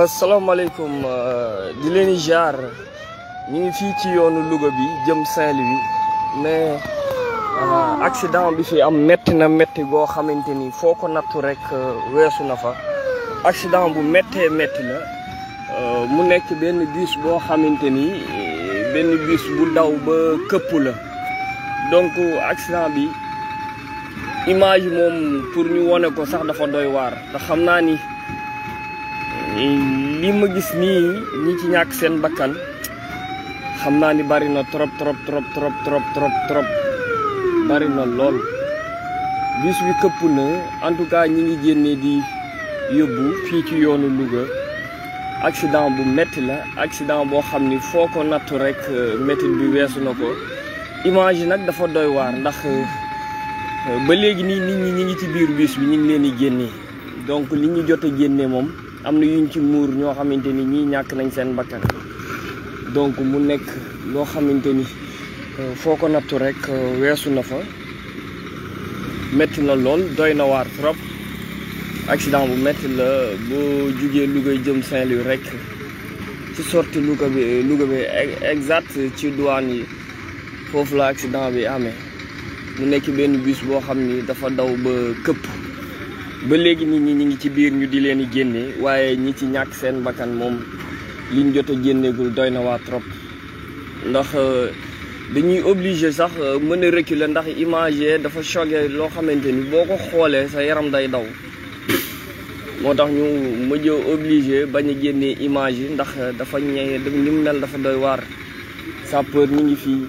asalaamaaleykum euh, di leen di jaar ñu ngi fii ci yoonu Louga bi jëm saint bi mais euh, accident bi fi am metti na metti goo xamante ni foo ko nattu rek euh, weesu na fa accident bu méttee métti la mu nekk benn bus boo xamante ni benn bus bu daw ba këpp la donc accident bi image moom pour ñu wone ko sax dafa doy waar te xam naa ni. li ma gis nii ñi ci ñàkk seen bakkan xam naa ni bari na trop trop trop trop trop trop trop bari na lool bis bi këpp na en tout cas ñi ngi génnee di yóbbu fii ci yoonu Louga accident bu metti la accident boo xam ni foo ko nattu rek euh, mettit bi weesu na ko image yi nag dafa doy waar ndax euh, ba léegi nii nit ñi ñi ngi ci biir bis bi ñu ngi leen di génnee donc li ñu jot a génnee moom am na yuñ ci muur ñoo xamante ni ñii ñàkk nañ seen bakkan donc mu nekk loo xamante ni euh, foo ko nattu rek euh, weesu na fa métti na lool doy na waar trop accident bu métti la boo jugee Louga jëm Saint-Louis rek ci sorti Louga bi euh, Louga bi e-, exact ci duwaan yi foofu la accident bi amee mu nekk benn bus boo xam ni dafa daw ba këpp ba léegi nit ñi ñu ngi ci biir ñu di leen di génne waaye ñi ci ñàkk seen bakkan moom liñ jot a génneegul doy na waa trop ndax euh, dañuy obligé sax euh, mën a reculer ndax image dafa choqué loo xamante ni boo ko xoolee sa yaram day daw moo tax ñu mujj obligé bañ a génnee image yi ndax euh, dafa ñëwee ni mu mel dafa doy waar sapeur ñi ngi fii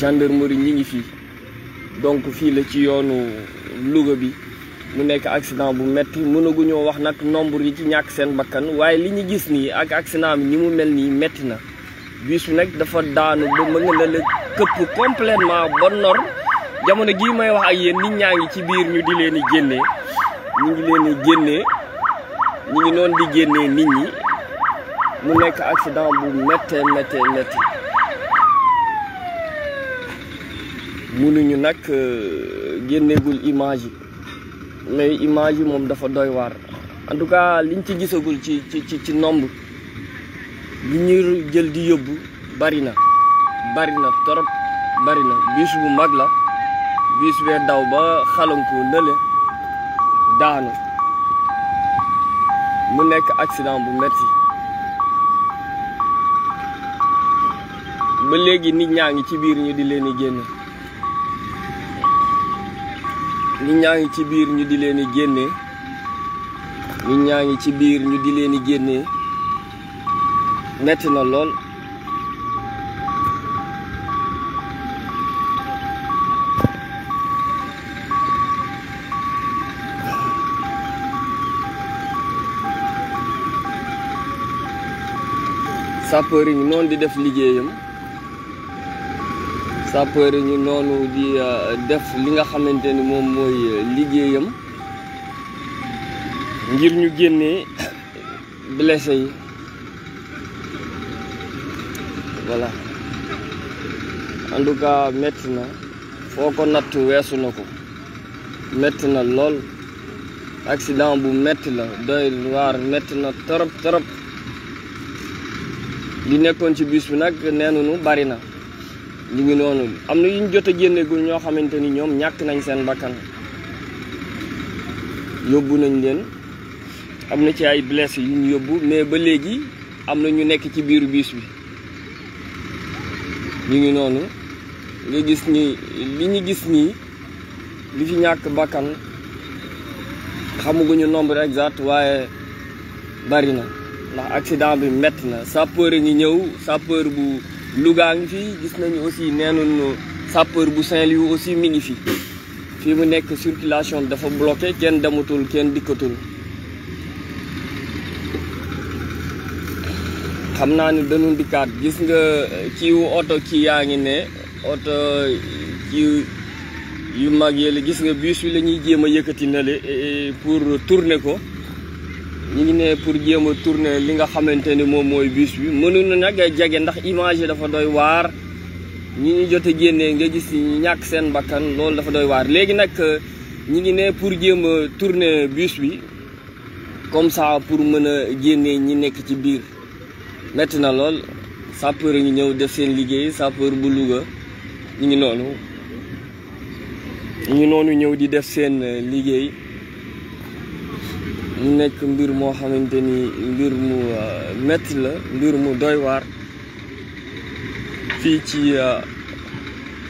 gendarmerie ñu ngi fii donc fii la ci yoonu Louga bi mu nekk accident bu metti mënaguñoo wax nag nombre yi ci ñàkk seen bakkan waaye li ñu gis nii ak accident bi ni mu mel nii metti na bus bi nag dafa daanu ba mën na la këpp complètement ba nor jamono gii may wax ak yéen nit ñaa ngi ci biir ñu di leen di génnee ñu ngi leen di génnee di génnee nit ñi mu nekk accident bu méttee méttee métti mënuñu nag euh, génneegul image yi mais image yi moom dafa doy waar en liñ ci gisagul ci ci ci nombre bi ñuy jël di yóbbu bari na bari na trop bari na biis bu mag la biis bee daw ba xalanko nële daanu mu nekk accident bu metti ba léegi nit ñaa ngi ci biir ñu di leen di génn nit ñaa ngi ci biir ñu di leen di génne ñaa ngi ci biir ñu di leen di génne metti na lool sapeur yi noonu di def liggéeyam sapeur yi ñu noonu di euh, def li nga xamante ni moom mooy euh, liggéeyam ngir ñu génne blessé yi voilà en tout na foo ko natt weesu na ko métti na lool accident bu metti la doy waar métti na torop torop li nekkoon ci bus bi nag neenu nu bari na ñu ngi noonu am na yuñ jot a génneegul ñoo xamante ni ñoom ñàkk nañ seen bakkan yóbbu nañ leen am na ci ay blessé yu ñu yóbbu mais ba léegi am na ñu nekk ci biiru biis bi ñu ngi noonu nga gis ni li ñu gis nii li fi ñàkk bakkan xamuguñu nombre exact waaye bari na ndax accident bi metti na sapeur a ngi ñëw sapeur bu Louga ngi fi gis nañu aussi neenuñu sapeur bu saint aussi mi ngi fi fii mu nekk circulation dafa bloqué kenn dematul kenn dikkatul xam naa ni dañu dikkaat gis nga eh, kiiwu oto kii yaa ngi ne oto kii yu mag yële gis nga bus bi la ñuy jéem a yëkkati nale eh, eh, pour tourner ko ñu ngi ne pour jéem a tourner li nga xamante ni moom mooy bus bi mënuñu nag jege ndax image dafa doy waar ñi ñu jot a génnee nga gis ñu ñàkk seen bakkan loolu dafa doy waar léegi nag euh, ñu ngi ne pour jéem a tourner bus bi comme ça pour mën a génnee ñi nekk ci biir metti na lool sapeur ngi ñëw def seen liggéey sapeur bu Louga ñu ngi noonu ñu noonu ñëw di def seen euh, liggéey mu nekk mbir moo xamante ni mbir mu euh, metti la mbir mu doywaar fii ci euh,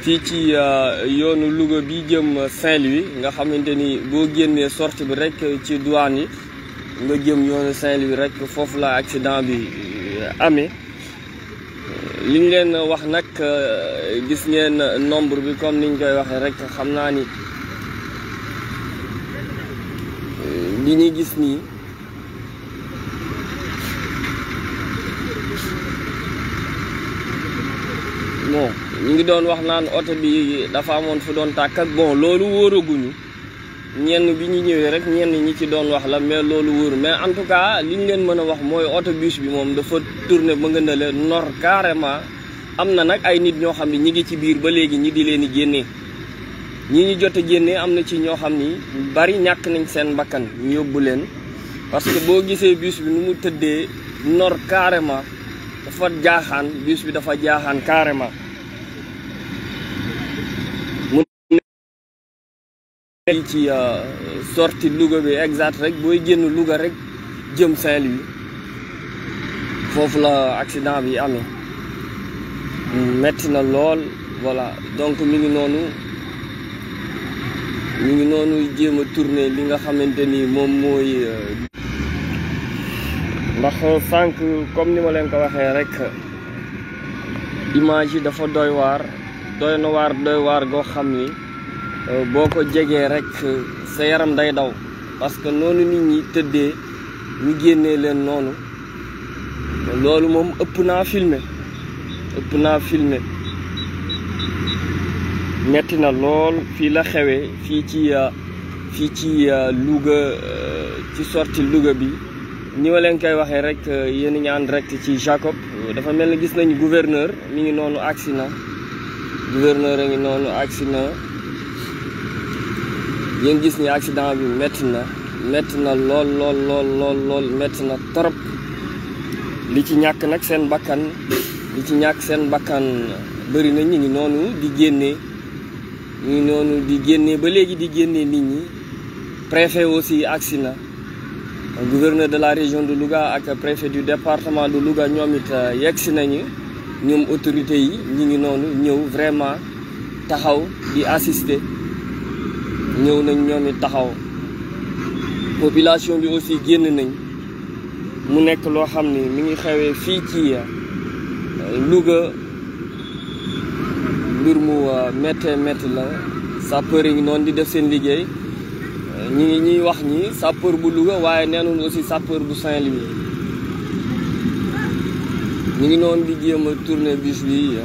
fii ci euh, yoonu Louga bi jëm Saint-Louis nga xamante ni boo génnee sortie bi rek ci duwaan yi nga jëm yoonu Saint-Louis rek foofu la accident bi ame li ñu leen wax nag gis ngeen nombre bi comme niñ koy waxee rek xam naa ni bi ñuy gis nii bon ñu ngi doon wax naan oto bi dafa amoon fu doon tàkk ak bon loolu wóoraguñu ñenn bi ñu ñëwee rek ñenn ñi ci doon wax la mais loolu wóoru mais en tout cas li ñu leen mën a wax mooy autobus bi moom dafa tourné ba nga leen nor carrément am na nag ay nit ñoo xam ne ñi ngi ci biir ba léegi ñi di leen di génnee. ñi ñi jot a génne am na ci ñoo xam ni bari ñàkk nañ seen bakkan ñu yóbbu leen parce que boo gisee bus bi nu mu tëddee nor carrément dafa jaaxaan bus bi dafa jaaxaan carrément mu nekk ci euh, sorti Louga bi exact rek booy génn Louga rek jëm saint foofu la accident bi amee metti na lool voilà donc mi ngi noonu ñu ngi noonu jéem a tourner li nga xamante ni moom mooy. Euh, ndax sànq comme ni ma leen ko waxee rek image yi dafa doy waar doy na waar doy waar goo xam ni euh, boo ko jegee rek sa yaram day daw parce que noonu nit ñi tëddee ñu génnee leen noonu loolu moom ëpp naa filmer ëpp naa filmer metti na lool fii la xewee fii ci euh, fii ci euh, Louga euh, ci sorti Louga bi ni ma leen koy waxee rek yéen ñi ànd rek ci Jacob dafa mel ni gis nañu gouverneur mi ngi noonu agsi na gouverneur a ngi noonu agsi na yéen gis ni accident bi metti na metti na lool lool lool lool metti na torop li ci ñàkk nag seen bakkan li ci ñàkk seen bakkan bari na ñu ngi noonu di génne ñu noonu di génnee ba léegi di génnee nit ñi préfet aussi agsi na gouverneur de la région de Louga ak préfet du département du Louga ñoom it euh, yegsi nañu ñoom autorité yi ñu ngi noonu ñëw vraiment taxaw di assisté ñëw nañ ñoom it taxaw population bi aussi génn nañ mu nekk loo xam ni mi ngi xewee fii ci euh, Louga mbir mu euh, méttee métti la sapeur yi noonu di def seen liggéey ñi ngi ñuy wax ñi sapeur bu Louga waaye neenuñ aussi sapeur bu Saint-Louis ñu ngi jéem a tourner bus bi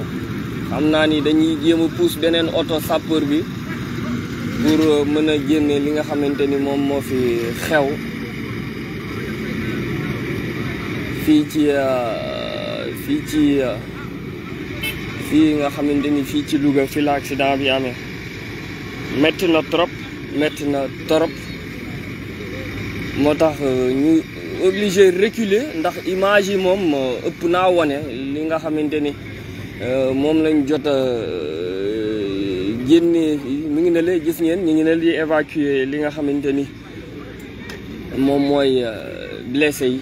xam naa ni dañuy jéem a pousse beneen oto sapeur bi pour euh, mën a génne li nga xamante ni moom moo fi xew fii ci euh, fii ci fii nga xamante ni fii ci Louga fi la accident bi amee metti na trop metti na trop moo tax euh, ñu obligé reculer ndax image yi moom euh, ëpp naa wane li nga xamante ni euh, moom lañ jot a génne mu ngi ne la gis ngeen ñu ngi ne li évacuer li nga xamante ni moom mooy blessé yi.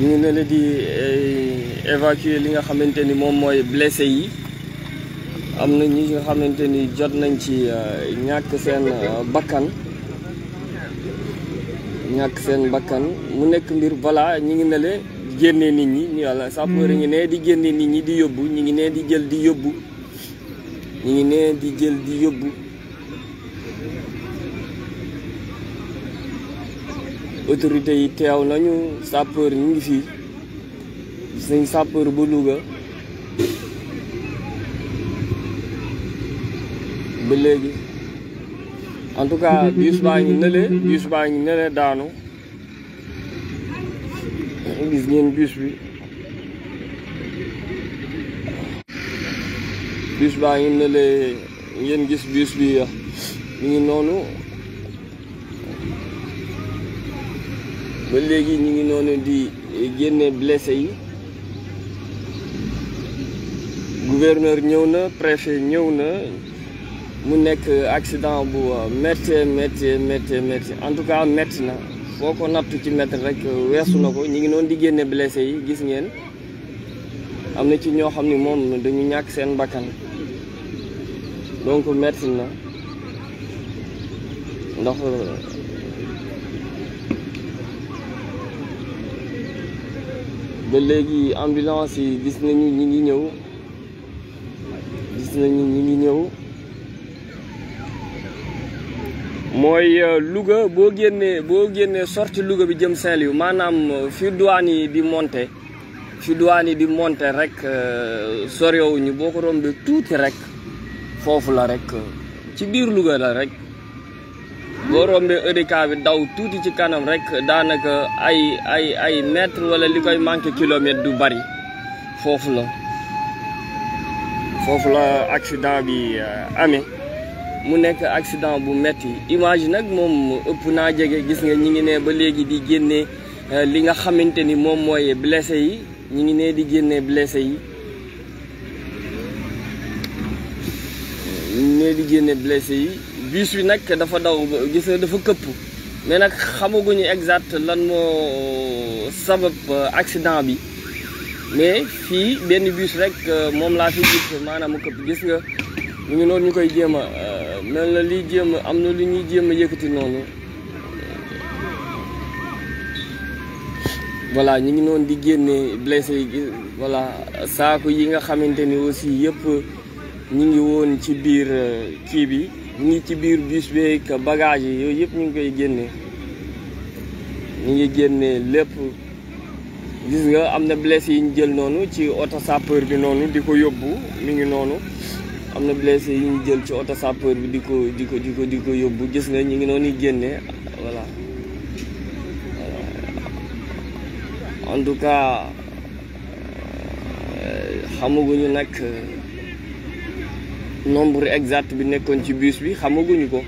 ñu ngi ne di eh, évacuer li nga xamante ni moom mooy blessé yi am na ñi nga xamante ni jot nañ ci eh, ñàkk seen eh, bakkan ñàkk seen bakkan mu nekk mbir voilà ñu ngi ne la génnee nit ñi ni walla sapeur ngi nee di génnee nit ñi di yóbbu ñu ngi nee di jël di yóbbu ñi ngi nee di jël di yóbbu autorité yi teew nañu sapeur ñu ngi fii gis nañ sapeur bu Louga ba léegi en tout cas bus baa ngi nële bus baa ngi nële daanu gis ngeen bus bi bis baa ngi nële ngeen gis bis bi mi ngi noonu ba léegi ñu ngi noonu di génne blessé yi gouverneur ñëw na préfet ñëw na mu nekk accident bu euh, métti métti métti métti en tout cas métti na foo ko nattu ci métti rek euh, weesu na ko ñu ngi noonu di génne blessé yi gis ngeen am na ci ñoo xam ni moom dañu ñàkk seen bakkan donc métti na ndax euh, ba léegi ambulance yi gis nañu ñi ngi ñëw gis nañu ñi ngi ñëw mooy euh, Louga boo génnee boo génnee sorti Louga bi jëm Saint-Louis maanaam euh, fi douane yi di monte fi douane yi di monte rek euh, sorewuñu boo ko rombee tuuti rek foofu la rek ci biir Louga la rek boo rombee Eureka bi daw tuuti ci kanam rek daanaka ay ay ay mètre wala li koy manqué kilomètre du bari foofu la foofu la accident bi euh, amee mu nekk accident bu metti image nag moom ëpp naa jege gis nga ñi ngi ne ba léegi di génnee euh, li nga xamante ni moom mooy blessé yi ñi ngi ne di génnee blessé yi ñooy di génne blessé yi bus bi nag dafa daw gis nga dafa këpp mais nag xamaguñu exact lan moo sabab euh, accident bi mais fii benn bus rek euh, moom laa fi gis maanaam mu gis nga mu ngi noonu ñu koy jéem a euh, mel na liy jéem am na lu ñuy jéem a yëkkati noonu voilà ñu ngi noonu di génne blessé yi voilà saako yi nga xamante ni aussi yëpp. ñu ngi woon ci biir euh, kii bi ñu ngi ci biir bus beeg bagage yi yooyu yëpp ñu ngi koy génne ñu ngi génne lépp gis nga am na blessé yi ñu jël noonu ci oto sapeur bi noonu di ko yóbbu mi ngi noonu am na blessé yi ñu jël ci oto sapeur bi di ko di ko di ko di ko yóbbu gis nga ñu ngi noonu génne voilà en tout cas euh, xamaguñu nag euh, nombre exact bi nekkoon ci bus bi xamaguñu ko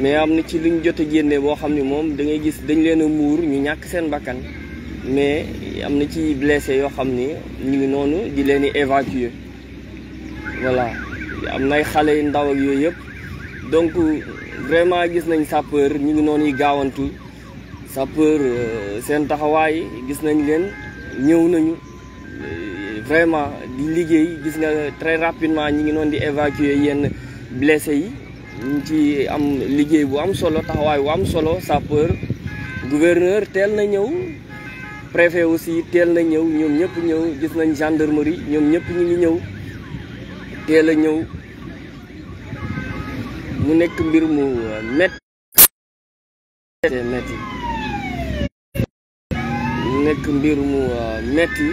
mais am na ci liñ jot a génne boo xam ne moom da ngay gis dañ leen a muur ñu ñàkk seen bakkan mais am na ci blessé yoo xam ni ñu ngi noonu di leen di évacuer voilà am nay xale yu ndaw yooyu yëpp donc vraiment gis nañ sapeur ñu ngi noonu yi gaawantu sapeur euh, seen taxawaay gis nañ leen ñëw nañu vraiment di liggéey gis nga très rapidement ñi ngi noonu di évacuer yenn blessés yi ñu ci am liggéey bu am solo taxawaay bu am solo sapeur gouverneur teel na ñëw préfet aussi teel na ñëw ñoom ñëpp ñëw gis nañ gendarmerie ñoom ñëpp ñu ngi ñëw teel a ñëw mu nekk mbir mu métti mu nekk mbir mu métti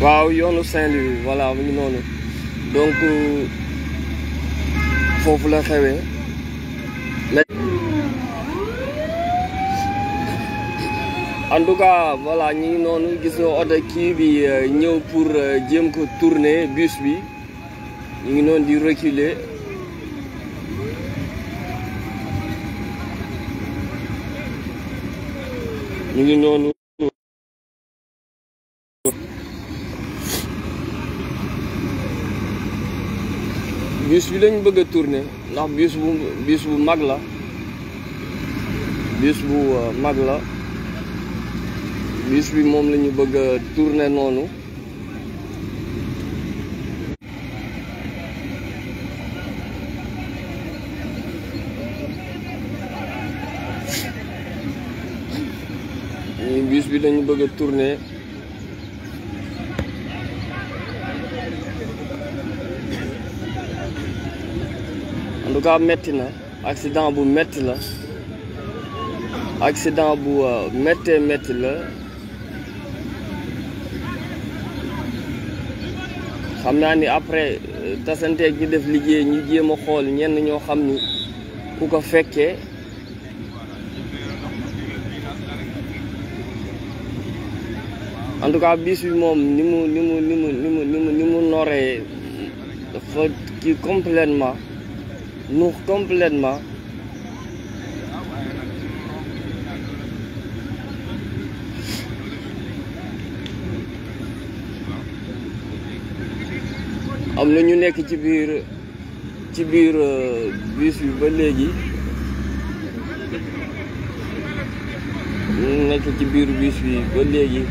waaw yoonu Saint-Louis voilà mu ngi noonu donc foofu la xewe en tout cas voilà ñu ngi noonu gis nga oto kii bi euh, ñëw pour euh, jéem ko tourner bus bi ñu ngi noonu di reculer. ñu ngi noonu. bis bi lañ bëgg a tourner ndax bis bu mag la bis bu euh, mag la bis bi moom lañu ñu bëgg a noonu bis bi lañu bëgg a tout cas metti na accident bu metti la accident bu euh, méttee metti la xam naa ni après euh, tasanteeg bi def liggéey ñu jéem a xool ñenn ñoo xam ni ku ko fekkee en tout cas bis bi moom ni mu ni mu ni mu ni mu ni mu noree dafa kii complètement nuux complètement am na ñu nekk ci biir ci biir euh, bus bi ba léegi ñu nekk ci biir bus bi ba léegi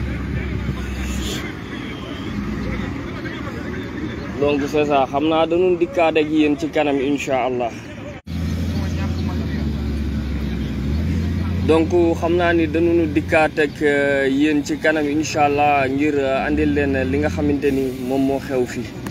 donc c'est ça xam naa dañu dikkaat ak yéen ci kanam incha allah. donc xam naa ni dañu dikkaat ak euh, yéen ci kanam incha allah ngir euh, andil leen li nga xamante ni moom moo xew fii.